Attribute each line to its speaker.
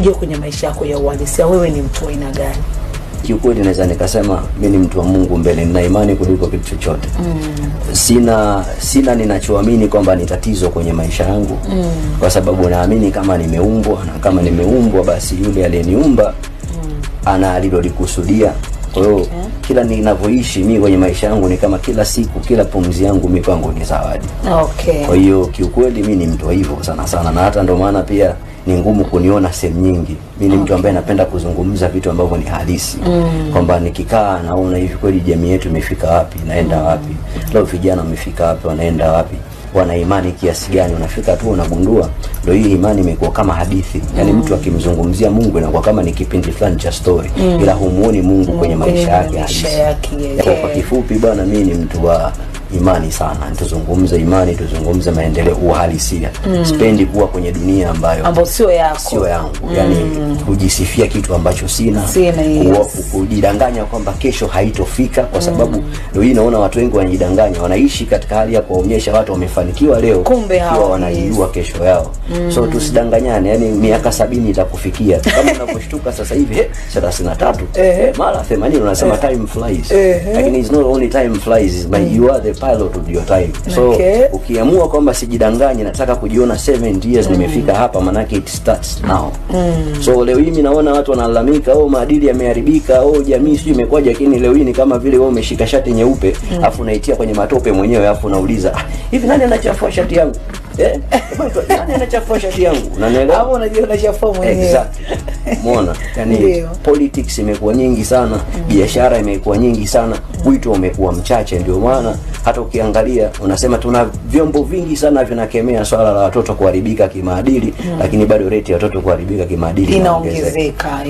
Speaker 1: tuje kwenye maisha yako ya uhalisia, wewe ni mtu aina gani?
Speaker 2: Kiukweli naweza nikasema mi ni mtu wa Mungu mbele, nina imani kuliko kitu chochote mm. Sina sina ninachoamini kwamba ni tatizo kwenye maisha yangu mm. Kwa sababu naamini kama nimeumbwa na kama nimeumbwa, basi yule aliyeniumba mm. ana alilolikusudia kwa hiyo okay. kila ninavyoishi mimi kwenye maisha yangu ni kama kila siku, kila pumzi yangu mimi kwangu ni zawadi. Okay. Kwa hiyo kiukweli mimi ni mtu hivyo sana sana, na hata ndio maana pia ni ngumu kuniona sehemu nyingi. Mimi ni mtu ambaye napenda kuzungumza vitu ambavyo ni halisi mm. kwamba nikikaa naona hivi kweli jamii yetu imefika wapi, naenda wapi, mm. leo vijana wamefika wapi, wanaenda wapi utakuwa na imani kiasi gani. Unafika tu unagundua ndio hii imani imekuwa kama hadithi, yaani mm. mtu akimzungumzia Mungu inakuwa kama ni kipindi fulani cha story mm. ila humuoni Mungu kwenye mm, maisha yake. Kwa kifupi bwana, mimi ni mtu wa imani sana, tuzungumze imani, tuzungumze maendeleo uhalisia. mm. spendi kuwa kwenye dunia ambayo sio yako, sio yangu. mm. Yani kujisifia kitu ambacho sina,
Speaker 1: sina yes.
Speaker 2: Kujidanganya kwamba kesho haitofika kwa mm. sababu mm. Ndio hii naona watu wengi wanajidanganya, wanaishi katika hali ya kuwaonyesha watu wamefanikiwa leo,
Speaker 1: kumbe hao
Speaker 2: wanajua kesho yao. mm. So tusidanganyane, yani miaka sabini itakufikia kama unaposhtuka sasa hivi thelathini na tatu mara themanini unasema time flies, lakini it's not only time flies but you are the pilot of your time so okay. ukiamua kwamba sijidanganye nataka kujiona 7 years mm. nimefika hapa manake it starts now mm. so leo hii naona watu wanalalamika oh maadili yameharibika oh jamii sio imekuwaje lakini leo hii ni kama vile wewe umeshika shati nyeupe mm. afu unaitia kwenye matope mwenyewe afu unauliza ah, hivi nani anachafua shati yangu Eh? Nani anachafua shati yangu?
Speaker 1: Unanielewa? Hapo unajiona unachafua
Speaker 2: mwenyewe. Exactly. Umeona? Yaani politics imekuwa nyingi sana, mm. biashara imekuwa nyingi sana, wito umekuwa mchache ndio maana hata ukiangalia unasema tuna vyombo vingi sana vinakemea swala la watoto kuharibika kimaadili mm. lakini bado rate ya watoto kuharibika kimaadili inaongezeka.